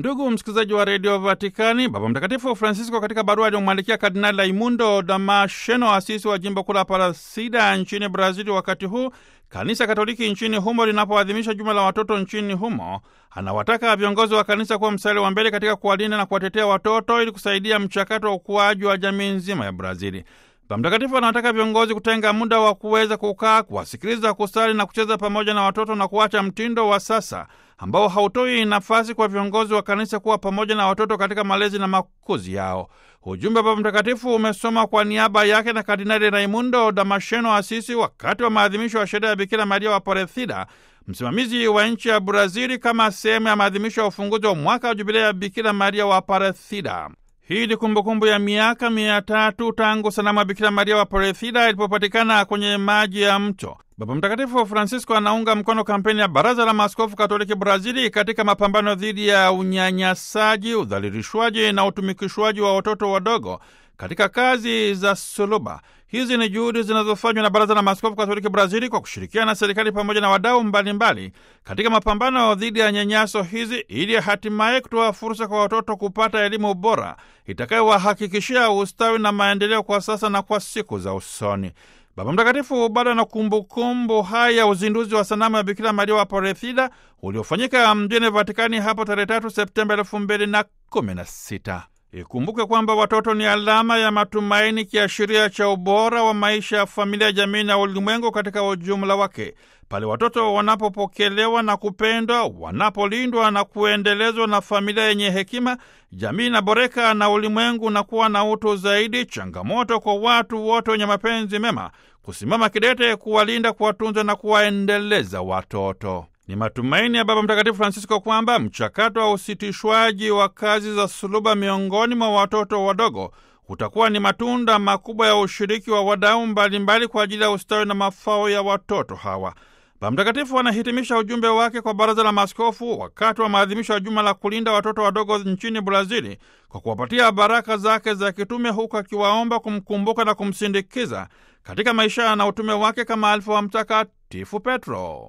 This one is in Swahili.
Ndugu msikilizaji wa redio Vatikani, Baba Mtakatifu Francisco katika barua aliyomwandikia Kardinali Raimundo damasheno asisi wa jimbo kula Parasida nchini Brazili, wakati huu kanisa Katoliki nchini humo linapoadhimisha juma la watoto nchini humo, anawataka viongozi wa kanisa kuwa mstari wa mbele katika kuwalinda na kuwatetea watoto ili kusaidia mchakato wa ukuaji wa jamii nzima ya Brazili. Baba Mtakatifu anawataka viongozi kutenga muda wa kuweza kukaa, kuwasikiliza, kusali na kucheza pamoja na watoto na kuacha mtindo wa sasa ambao hautoi nafasi kwa viongozi wa kanisa kuwa pamoja na watoto katika malezi na makuzi yao. Ujumbe wa Baba Mtakatifu umesoma kwa niaba yake na Kardinali Raimundo damasheno Asisi wakati wa maadhimisho ya sherehe ya Bikira Maria wa parethida msimamizi wa nchi ya Brazili, kama sehemu ya maadhimisho ya ufunguzi wa mwaka wa jubilia ya Bikira Maria wa parethida Hii ni kumbukumbu ya miaka mia tatu tangu sanamu ya Bikira Maria wa parethida ilipopatikana kwenye maji ya mto. Baba Mtakatifu Francisco anaunga mkono kampeni ya Baraza la Maaskofu Katoliki Brazili katika mapambano dhidi ya unyanyasaji, udhalilishwaji na utumikishwaji wa watoto wadogo katika kazi za suluba. Hizi ni juhudi zinazofanywa na Baraza la Maaskofu Katoliki Brazili kwa kushirikiana na serikali pamoja na wadau mbalimbali katika mapambano dhidi ya nyanyaso hizi, ili hatimaye kutoa fursa kwa watoto kupata elimu bora itakayowahakikishia ustawi na maendeleo kwa sasa na kwa siku za usoni. Baba Mtakatifu bado na kumbukumbu haya uzinduzi wa sanamu ya Bikira Maria wa porethida uliofanyika mjini Vatikani hapo tarehe 3 Septemba elfu mbili na kumi na sita. Ikumbuke kwamba watoto ni alama ya matumaini, kiashiria cha ubora wa maisha ya familia, jamii na ulimwengu katika ujumla wake. Pale watoto wanapopokelewa na kupendwa, wanapolindwa na kuendelezwa na familia yenye hekima, jamii inaboreka na ulimwengu unakuwa na utu zaidi. Changamoto kwa watu wote wenye mapenzi mema kusimama kidete, kuwalinda, kuwatunza na kuwaendeleza watoto. Ni matumaini ya Baba Mtakatifu Francisco kwamba mchakato wa usitishwaji wa kazi za suluba miongoni mwa watoto wadogo utakuwa ni matunda makubwa ya ushiriki wa wadau mbalimbali kwa ajili ya ustawi na mafao ya watoto hawa. Baba Mtakatifu anahitimisha ujumbe wake kwa baraza la maaskofu wakati wa maadhimisho ya juma la kulinda watoto wadogo nchini Brazili kwa kuwapatia baraka zake za kitume, huku akiwaomba kumkumbuka na kumsindikiza katika maisha na utume wake kama alfu wa Mtakatifu Petro.